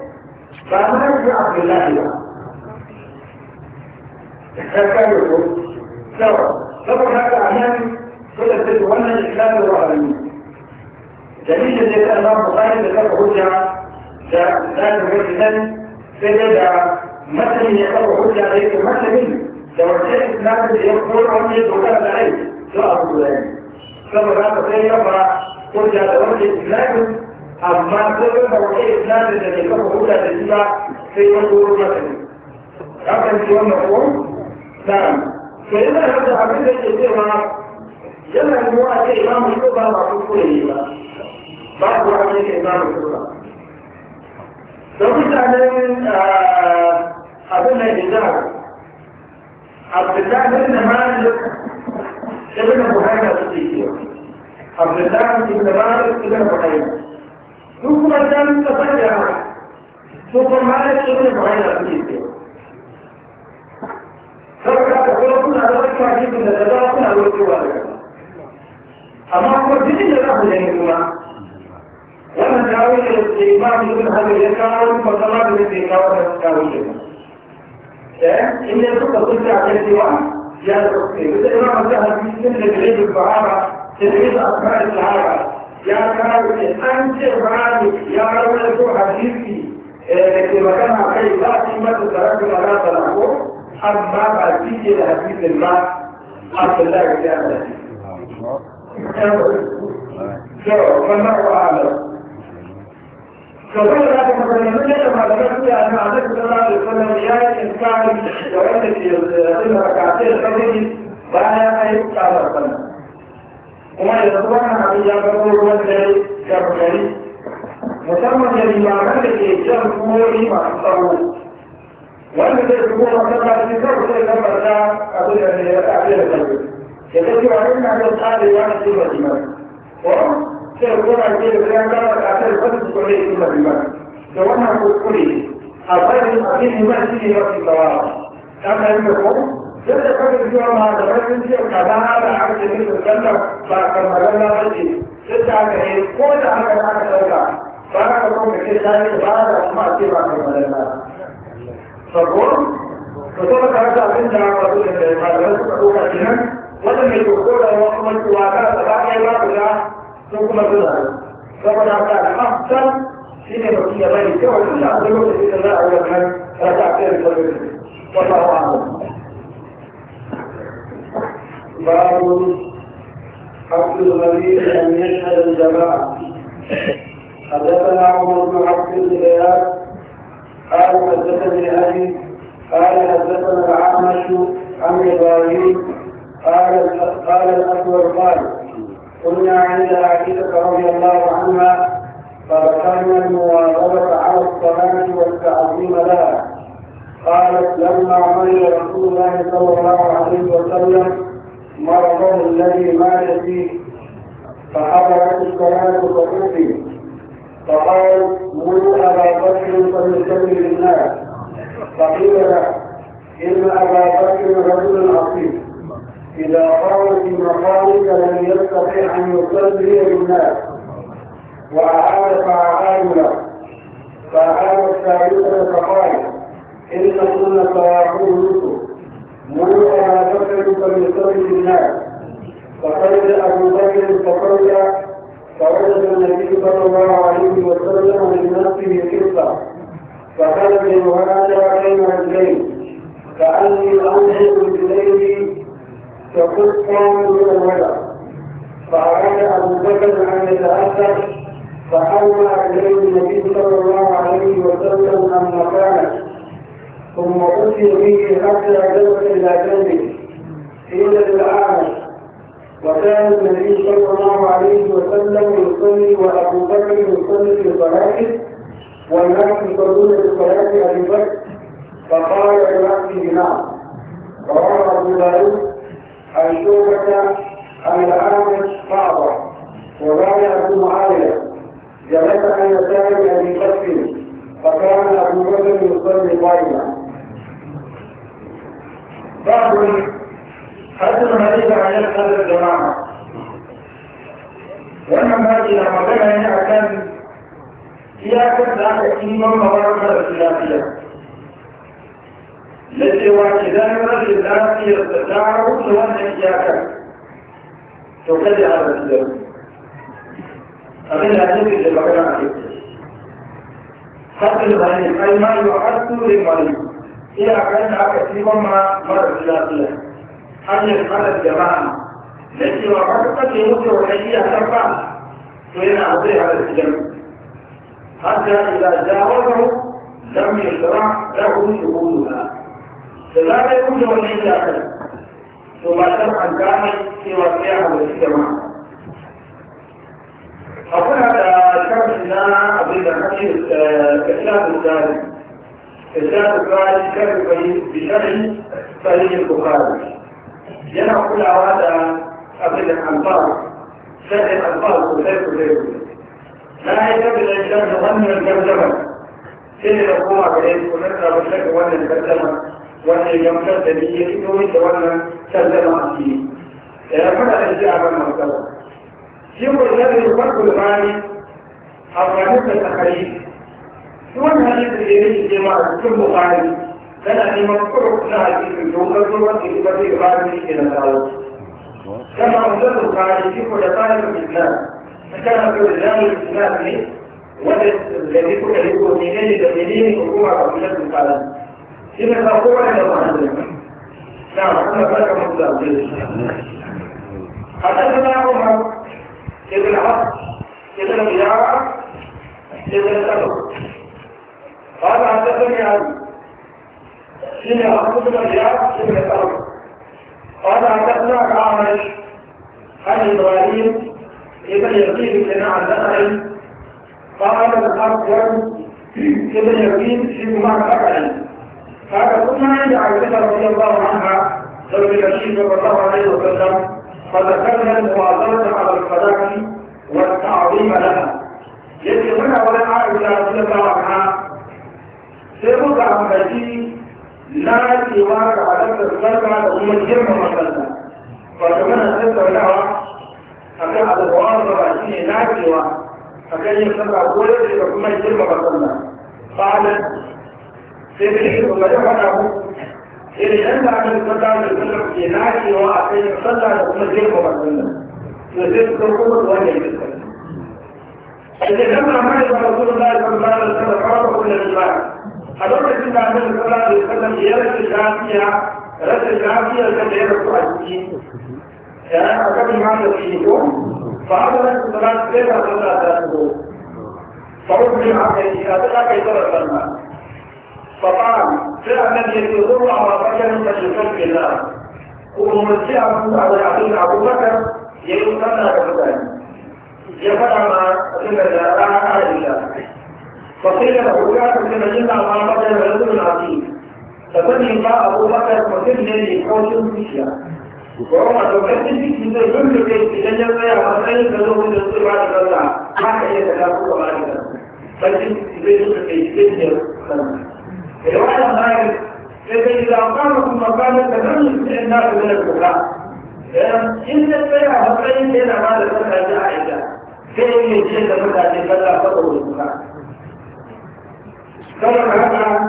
فما يرجع في الله بقى تكلفوا سوا سوا هذا عمال كل تتولى الإسلام الرهباني دليل اللي كان الإمام البخاري اللي كان حجة ده ده الرجل سيدة ده مثل يقرأ حجة عليه مثل لو الشيخ الإسلام اللي يقول عن يدخل عليه سواء أبو سواء هذا سيدة hujja da wanda islamin amma sai da wani islamin da ke kafa hujja da shi ba sai wani wurin masa ne hakan ce wannan ko na'am to yana da abin da ke cewa yana yiwuwa ce imamu ko ba ma kuskure ne ba ba ku wani ke imamu ko ba da mutanen abin da ke jihar abdullahi bin malik ibn buhari suke cewa عبد الله بن مالك بن معين ثم ذلك فجأة ثم مالك بن معين في فكرة تقول كل هذا الكلام يجب أن تدعو كل هذا الكلام أما هو جديد الأهل ينكما وأنا داوي الإمام يقول هذا الكلام فطلع من الإمام إيه؟ الداوي إن الفقه قلت على الإمام يا الإمام الذهبي من الغيب الفعارة إذا أكبرت العرب يا كاوي أنت رانك يا رجل حبيبي لكن ما كان عليه لا قيمة ترك ولا تلعبه أما بعد تيجي لحديث الله عبد الله بن عبد شو فالله أعلم فقال لك مثلا من يجمع لمسك أن عبد الله عليه وسلم يا إنسان وأنت في ركعتين الفجر بعد أن يبقى على القلب kuma da wannan abin ya zama ruwan dare gari musamman da limaman da ke jan kumori masu tsawo wanda zai shigo masallaci kawai sai gabata abin da ne ya tafi da tsawo da ta ce wani na da tsari ya ce ba liman ko sai kuma ke da sai gaba da ta wasu su ne su ba liman da wannan kuskure a bayan abin liman shi ne mafi tsawa ta fahimta ko duk da kan zuwa malamai sun ce kaza na da aka ce min sallar ba kamar na bace duk da aka yi ko da aka da aka dauka ba ka kuma ka ce sai ba da kuma ce ba kamar na sabo to kuma ka rasa abin da aka zo da malamai suka dauka kenan wanda mai koko da wani kuma cewa ka ba kai ba ku da sun kuma zuwa saboda ka da afsan shi ne mutum ya bari kawai duk da aka zo da shi da za a yi wannan rasa kai da sallar wallahu a'lam باب حق الغريب أن يشهد الجماعة حدثنا عمر بن عبد الإياد قال حدثني أبي قال حدثنا الأعمش عن إبراهيم قال قال الأسود قال كنا عند عائشة رضي الله عنها فركنا المواظبة على الصلاة والتعظيم لها قالت لما عمل رسول الله صلى الله عليه وسلم مرضه الذي مات فيه فحضرت الصلاة فأوفي فقال مر أبا بكر فليصلي للناس فقيل له إن أبا بكر رجل عظيم إذا قام في مقامك لم يستطيع أن يصلي للناس وأعاد فأعاد له فأعاد الثالثة فقال إن كنا تراكم يوسف الناس فقال أبو بكر فقال فوجد النبي صلى الله عليه وسلم من نفسه قصة ابن وهذا بين رجلين كأني أنزل اليه كقطة من الولد فأراد أبو بكر أن يتأثر فحول إليه النبي صلى الله عليه وسلم عن مكانه ثم اوتي به حتى جلس إلى جنبه حين الأعمش وكان النبي صلى الله عليه وسلم يصلي وأبو بكر يصلي في صلاته والناس يصلون في صلاة أبي بكر فقال لنفسه نعم رواه أبو داود عن شعبة عن الأعمش صعبة وراي أبو معاوية جلس عن يسار أبي بكر فكان أبو بكر يصلي قائما باب حسن الحديث عن هذا الجماعة wannan baji na magana ne a kan iyakar da aka kiman mawar marar lafiya da cewa idan rashin lafiyar da ta wuce wannan iyakar to kada a rasiyar abin da ake da magana a yake hasil bane kai ma yi wa hasu da mali iyakar da aka kiman ma marar lafiya hanyar halar jama'a da cewa wata kake wuce wa iya karfa to yana zai halar shigar hatta لم يشرع له شهودها فلا يكون وجه داخل ثم شرعا كامل في وقعها والاجتماع أقول هذا شرح لنا قبل الحديث آه، كتاب الثاني كتاب الثاني شرح بشرح صحيح البخاري yana kulawa da abin da alfaru sai alfaru sosai sosai sosai na yi gabi da shan da wannan gardama sai da koma gare su na samu shan da wannan gardama wannan yamsar da ni ya fito da wannan gardama a fili da ya fada da shi a kan matsala shi ko da ne farko da mani amfani da tsakari wannan hadisi da yake cewa a cikin bukari tana neman kurkuku في hakiki dokar ruwan da ita zai rami ke na kawo كما أنزلوا تعاليم ودقائق الإسلام فكان في الإسلام الإسلام لي والذي كنت للمؤمنين جميلين حكومة رحمة العالم إذا فقوة إلى الله نعم أنا بارك مبدأ حدثنا عمر ابن عبد ابن جعفر ابن سلمة قال حدثني عبد فيها محمود بن رياض ابن قال حدثنا اعمش عن ابراهيم ابن يقين يزيد بن عزائي قال الاسود ابن يقين في بن معتقل قال كنا عند عائشه رضي الله عنها زوج النبي صلى الله عليه وسلم فذكرنا المواظبه على الصلاه والتعظيم لها يجب هنا ولا عائشه رضي الله عنها سيبقى عن na cewa da halartar sarka da kuma girmama sallah ba ta mana tattaunawa a kan alƙawar da ba shi ne na cewa a kan yin sallah ko da da kuma girmama sallah fadar sai da shi ba da faɗa ku idan da aka sallah da sallah ke na cewa a kan yin sallah da kuma girmama sallah to sai su ɗauko musu wannan fuskar إذا كان ما يفعل رسول الله صلى الله عليه وسلم قال كل الإجماع a lokacin da annabi sallallahu alaihi wasallam ya rashin lafiya rashin lafiyar da ya rasu a jiki ya a kan imanin da shi ko fa haka nan su sallah sai ba sallah ta su fa hukumi a kai shi a tsaka kai tsara sallah fa fara sai annabi ya ce zuwa wa bakin da shi kan billah ko umarci abu a da abin da abubakar ya yi sallah da mutane ya faɗa ma abin da ya rana a da فقيل له يا تكن الا على بدل رجل عظيم فسلم ابو بكر لي لقوم مشيا وعمر وكتب في كل بيت تجمع وسلم له من رسول بعد الله ما كان يتلاقوا بعد الله فجد بيت في سجن الرواية مالك فإذا قامكم مقالة تنمس الناس من الكفار إن البيع وسلم إلى ما لم تتعجى عائشة فإن يجد متى تبلى فضل الكفار don haka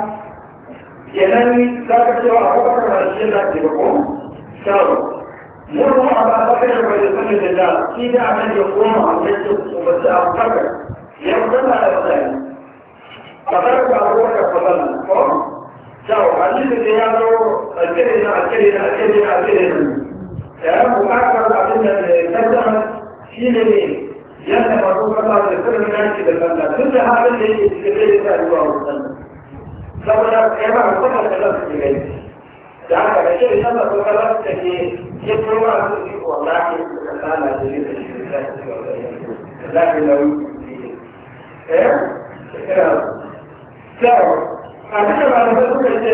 kenan za ka cewa a wakar da shi da ke bakon shawo murmu a ba ta kai da sanin da da shi da anan ya koma a yake umarci a wakar ya zama da mutane a farka a wakar fasana ko shawo hadisi da ya zo alkiri na alkiri na alkiri na alkiri na ya bukatar abin da ya tattara shi ne لأن الرسول صلى الله عليه وسلم يأتي بالمنة كل هذا الذي يتكلم به الله وسلم فقد يبع فقط ثلاثة إليه لأن الشيء لما تقرأت في يقول والله أنا جريت لكن لو إيه؟ سعر أنا على فكرة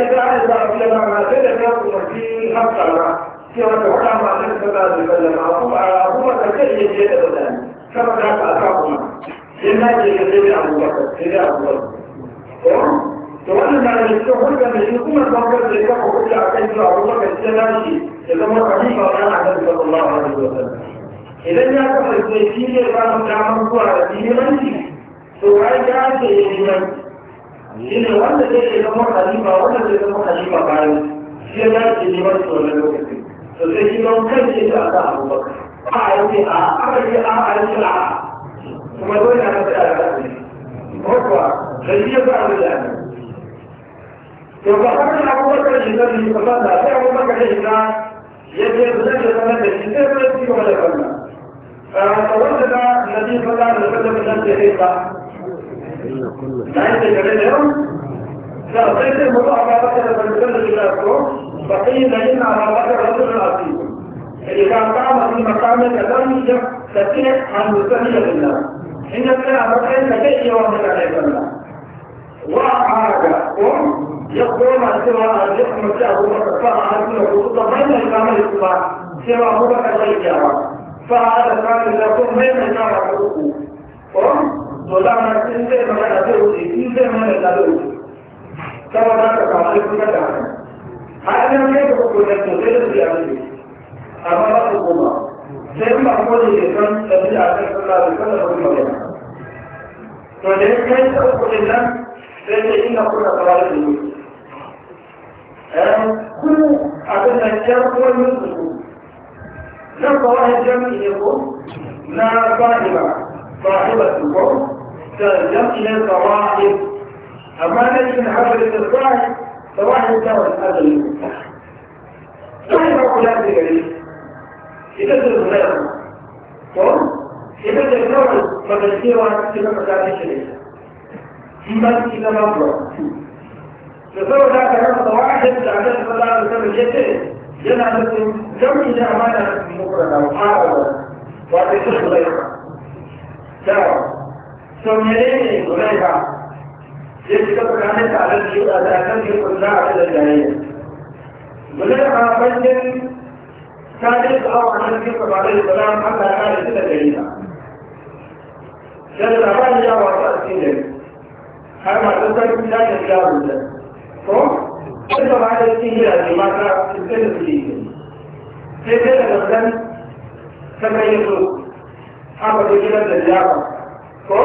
إذا أردت أن أعمل ذلك في خمسة cewa da wata masu da za su kalla ma abu a abu ba ta kai yake da mutane sama da ka aka kuma sai na ke ga sai da abu ba sai da abu ba to wannan na da shi hurga da shi kuma ban ga da ka hurga a kai zuwa abu ba sai da shi ya zama khalifa na annabi sallallahu alaihi wasallam idan ya kasance shi ne ba mu damar zuwa da limanci to ai ya ce limanci shi ne wanda zai zama khalifa wanda zai zama khalifa bayan shi ya ce limanci wannan lokacin to sai shi don kan ce da aka abu ba a yanke a aka ce a a yanke a kuma dole na kasa da kasa ne ko kuwa da shi ya fi abu da ne to ba haka na kuma kan shi kan shi kuma da sai abu maka da shi na ya ce da zai sanar da shi sai kuma shi kuma da kanna a wanda na nabi sallallahu alaihi wasallam nan da kai ba da yake gare da yau da sai sai mutu a ba ta da ban da shi da ko فقيل لنا على ذلك رجل عزيز إذا قام في مقام لم يستطيع أن يسمي بالله إن كان مكان لكي يوم عليه الصلاة وعاد يقول سوى أن يحمل أبو بكر فعل من الخطوط بين إمام الإسلام سوى أبو بكر غيره فهذا كان لكم بين إمام الخطوط ولما تنسى ما تدعوه تنسى ما تدعوه كما ذكر عليكم كذلك har nan sai ka ko da to sai da ya rubuce amma ba ku kuma sai ba ko da ya san da ya san Allah da kana ba ku ba to da kai ka ko da nan sai da inna kuna fara da ni eh ku abin da ya ko ni ku nan ba wani jami'i ne ko na fa'iba fa'iba ko da jami'i ne fa'iba amma ne in haɗa da fa'iba سواء كان هذا المفتاح يعني ما قلنا في جريء يبدل الغير يبدل النوع فبالتالي وانا كده ما تعرفش ليه ما كده ما بقى لو ده كان واحد عشان طلع بسبب جد جنا لكم كم إلى أمانة مقرنا وحاولا وعطيتوش غيرها دعوة سميرين غيرها जिसका पुराने कारण की अदालत की पुनः अटल जाए मुझे आपन सारे भाव आनंद के प्रभावित बना का लगा इसे लगेगा जब रहा लिया वापस की है हर मतलब का पिता निकला होता है तो फिर सवाल इसकी ही रहती मात्रा इससे निकली है कैसे लगन सब ये तो आप अभी के लिए तो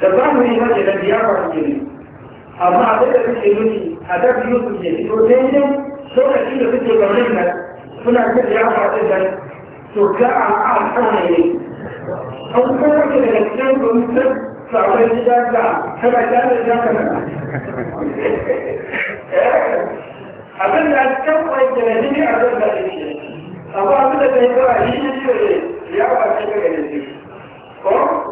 da za mu yi mace da biyafar ke ne amma abin da suke nufi a da biyu su ke fito ne lokacin da suke nan suna ta biyafa din nan to ga a alƙawari ne an kowace daga cikin gwamnatin sabon gida ga tana jami'ar jaka nan abin da cikin kwanke da ne a zan da shi amma abin da ta yi shi ne ya ba shi daga jini ko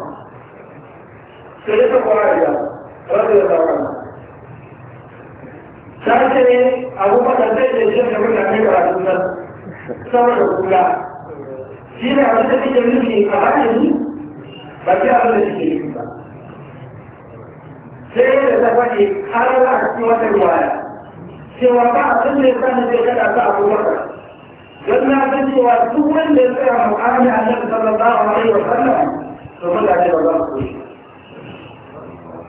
سيدة قرآية رضي الله عنه سألتني أبو بكر سيد الشيخ يقول لك أمير على السنة سمع الأولى سيدة عملت في جميلتي أغاني بكي أغاني في سيدة تفاجئ أنا لا أحكي وقت الرواية cewa ba a san da ya sani zai kada ta abu maka don na san cewa duk wanda ya tsaya mu'amala a nan sallallahu alaihi wa sallam to mutane ba za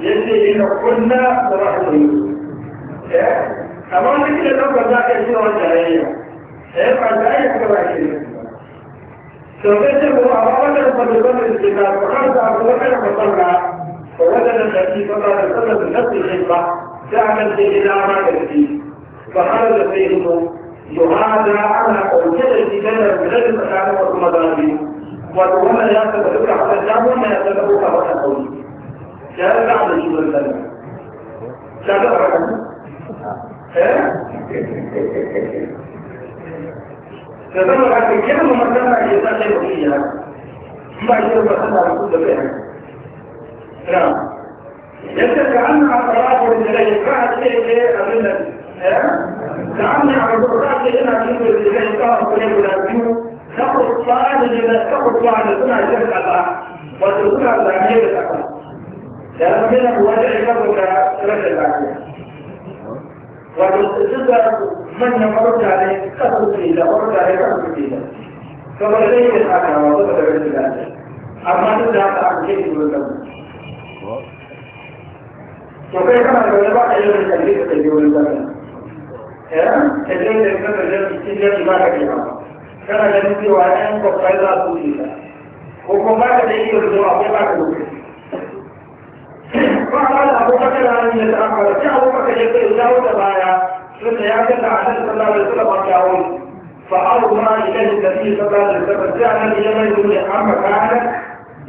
يلي إذا قلنا صراحة يوسف أما أنت كده تبقى ذاك الشيء والجاهلية يبقى الجاهلية كما يشير فوجدوا أمامنا فبدل الكتاب فخرج أبو بكر فصلى فوجد النبي صلى الله عليه وسلم بنفس الخطة تعمل في إلى أماكن فيه فخرج فيهم يهادى على أوجد الكتاب من الذي تكلم وثم ذلك وتولى ياسر بكر حتى جابوا ما يسلمه فهو كان بعد الشغل الثاني كان بعد فبلغ عن الكلمة وما كان مع الإنسان شيء وحيدها ما يجب أن على كل بيها نعم يتكلم عن طلاق الإلهي فهد إيه أمنا تعمل على الضغطات لنا من الإلهي فهد كلمة الأبيو تقل الطاعة لنا تقل الطاعة لنا تقل الطاعة لنا تقل الطاعة dalam mana wajah kita berkata terasa bahagia. Walau juga mana orang cari satu tidak, orang cari satu tidak. Kalau saya kita akan waktu terasa bahagia. Amal itu dah tak ada di dalam. Jadi kan ada lewat ada yang terjadi terjadi di dalam. Ya, jadi kita terjadi tidak ibarat kita. Karena jadi wajah yang kau perlu lakukan. Hukum baik dari itu semua apa yang kita lakukan. فأراد أبو بكر أن يتأخر جاء أبو بكر يقول له تبايا فإن يأتي عشان صلى الله عليه وسلم وكاون فأوضع إليه النبي صلى الله عليه وسلم جاء النبي يوم يقول أما كان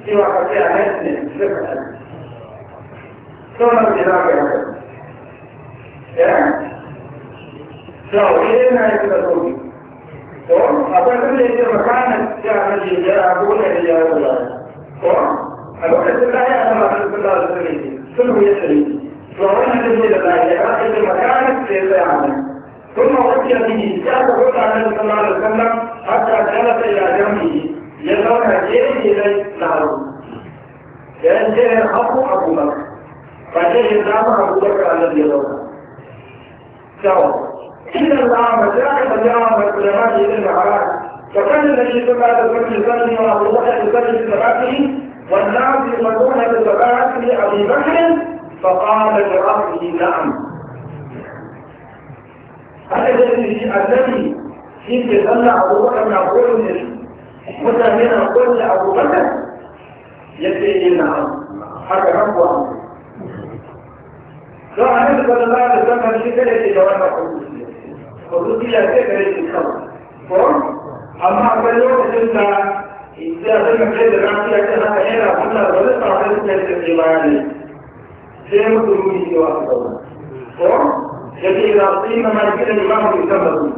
سوى قطيع نفسه شكرا ثم الجناب إيه؟ يا سو إيه ما يقدرون ko akwai kuma yake makanan ya mace ya abu da ya wuce ko a lokacin da ya ana ثم يسري فهنا تجد الآيات في مكانك كيف يعمل ثم أتي به كان رفع النبي صلى الله عليه وسلم حتى جلس إلى جنبه يدعون جيد إليه نهره كان جاء الحق أبو بكر فجاء الزعم أبو بكر الذي يدعونه سواء إن الله مجاعد مجاعد العلماء إلى المعارك فكان النبي صلى الله عليه وسلم يصلي وأبو بكر يصلي في صلاته والناس يمنون بزكاة لأبي بكر فقال لربه نعم هذا الذي الذي في تسلى أبو بكر من أقول متى من أقول لأبو بكر يبتدي نعم حتى رب لو عملت صلى الله عليه وسلم في كلمة جوانب الحدودية الحدودية كيف يجب الخبر أما أقول لك إذا لم يكن عندي أنها هنا كنا ولسنا عندنا الاستقبال في مدرون سواه الذي إذا قيم ما يكون الإمام يسمى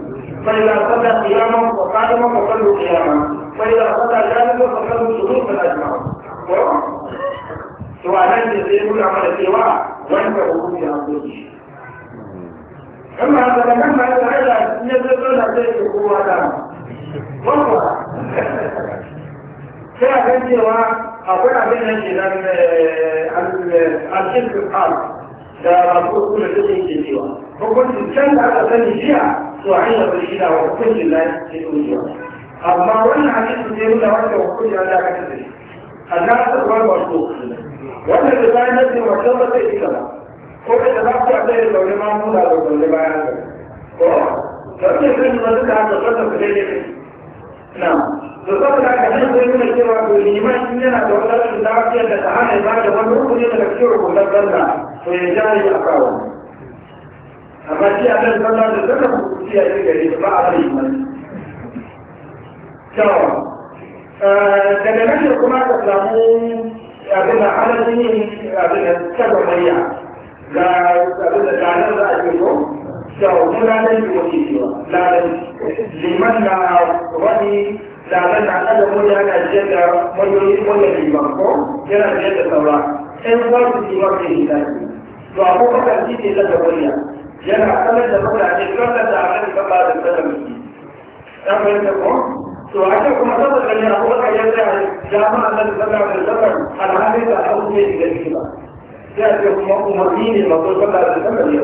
فإذا صلى قياما وقائما فصلوا قياما فإذا صلى جانبا فصلوا جنوبا أجمعا سواء يسيرون على السواء وينفعوا في أنفسهم أما هذا لما هذا يدل على ذلك هو هذا والله sai a kan cewa akwai abin nan ke nan alshin bukal da masu kuna da ke cewa hukuncin can da aka sani jiya to a hanyar bulshi da hukuncin da ke cewa amma wannan hadisi ne nuna wanda hukuncin da aka sani Allah ta zuwa ba su wannan da bayan nan ne wata ba zai isa ba ko da za ku a tsaye da wani mamuna da wani bayan ko da wani sun yi wani da aka sani ku daidai na saboda ka nan zai nuna cewa to liman yana da wadatar lafiyar da ta hana ba da wani rukuni daga cikin rukunan sallah to ya jari a kawo amma shi a nan sallah da sallah ku kuci a cikin gari ba a zai liman kyawa daga nan da kuma ka samu abin da halarci yin abin da kyawa maiya ga abin da lanar za a yi ko kyawa kuma lanar yi wani cewa lanar liman na wani da ran da Allah mun yana jiyar da mayoyi wannan liman ko yana jiyar da saura sai ba su liman ke hidda to abu bakar shi ne da wariya yana sanar da mutane kan da Allah ya ba da sallama dan bai ta ko to haka kuma saboda ne abu bakar ya tsaya jama'a da sallallahu alaihi wasallam alhali da abu ne da shi ba يأتي أمرين المطلوب قبل أن تسمى لي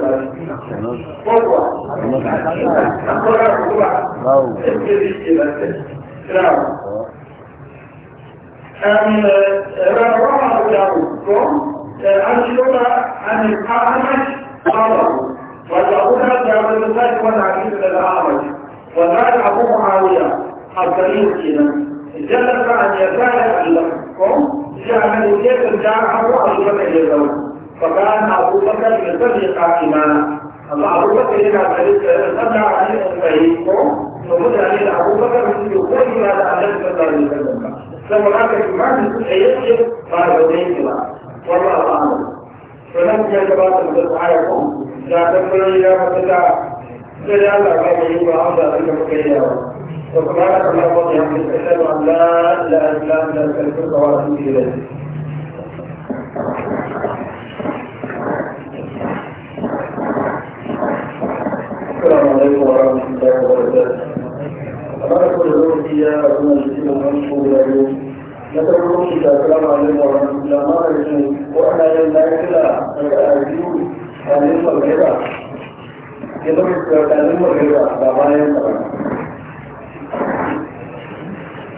قوة قوة قوة نعم رواه داود أشرب عن الأعمش قاله وتعود داود الزيت والعزيز للأعمش وزاد أبو معاوية الكريم كينا جلس عن يسار اللهم جعل يسير جاء أبو أشرب إليه فكان أبو بكر يصدق إيمانا أما أبو بكر إذا سمع عن الصحيح فمد علينا أبو بكر من يقول ماذا عملت صلى الله عليه وسلم ثم هناك ما تكون أيضا قال بين والله أعلم فلم يتبات المتسعيكم لا تكون إلى مكتا فلا لا قام يوم أمضى أنك مكياه وكما الله وضعهم أشهد أن لا إله إلا لا أستغفرك وأتوب إليك السلام عليكم ورحمة الله وبركاته أبارك الوقت يا ربنا الذين أنشوا لهم نتبعوك السلام عليكم ورحمة الله وبركاته وأنا لله إلا أرجو أن يصل كذا يدرك التعليم والهدى بعضنا ينتبه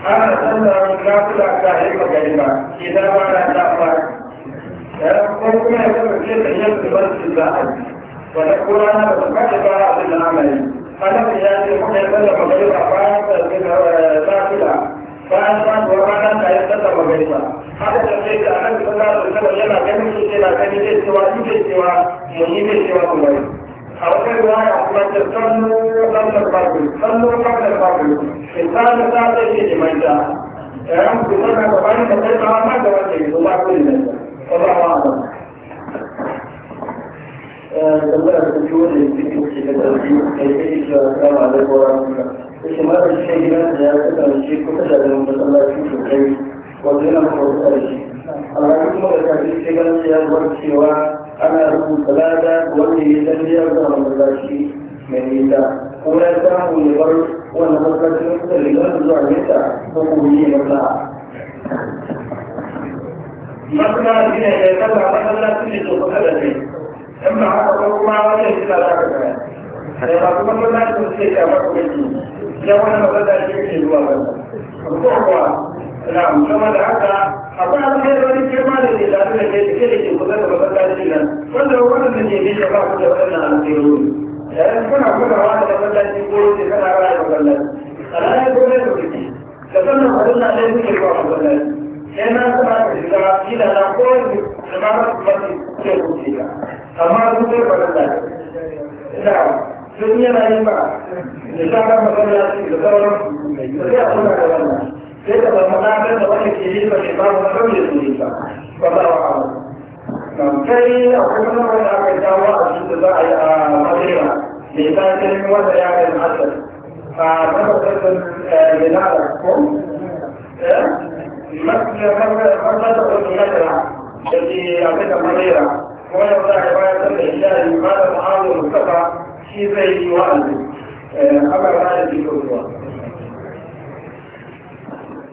أنا أتمنى أن أقول لك تعليم كلمة إذا ما لا تعلم وكما يقول الشيخ يجب أن يكون هذا ونقول أنا بسمعك بعض العمل فلم يأتي محيط لهم غير فاسد من باطلا فأسد ومعنى فيستطر غيرها هذا الشيء أنا صلى الله عليه وسلم يلا كمشي إلى كمشي سوى إيجي سوى مهيب سوى كمري أوكي واي أحمد صلوا قبل الفضل صلوا قبل الفضل إنسان ساعة يجي ما يجاه يعني كنا كمان كمان ما جواب يجي الله كل الله أعلم لما تشوف الفيديو في التوجيه كيف السلام عليكم ورحمة الله إيش ما الشيء هذا زيادة عن الشيء كنت أجعل من الله يشوف الخير وزينا مفروض الشيء الله يكون مكتب الشيء كان سياد ورد سيوا أنا أقول ثلاثة والذي يزن يرضى من الله شيء من يدا ولا يسامه يبر ونفسك يمكن لغن الزعب يدا وقومي مطلع مثلا بنا يتبع مثلا كل سوق هذا in ba haka ko kuma wata shi ta zaka gaya sai ba kuma ko zaka ce ka ba ko ne ya wani ba zaka ce ke zuwa ba ko kuwa na kuma da haka akwai alƙairi wani girma da ke zaɓi da ke cike da ke kusa da masallaci nan wanda wanda ke bisa ba ku da wannan alƙairi yayin kuna kulawa da masallaci ko yake kana rayuwa masallaci alai ko ne da kike da sannan wannan da yake ba masallaci yana eh, suna shiga kila na kowane kuma na kuma ke ke kuke ga amma sun zai faɗin da ke da sun yana yi ba da shafa masana shi da sauran mai yi da suna da wani sai da sama na kai da wani ke yi ba ke ba wani kawai da su yi ba ba za a hau ga kai a kuma na wani aka dawo a su da za a yi a matsayi ba da ya kai kai ne wanda ya kai na asali a kan kasar da na eh, alaƙon التي أعطيتها مريرة وأنا أطلع رواية الإنسان قال معاوية المصطفى في بيت والدي أما الآية في كل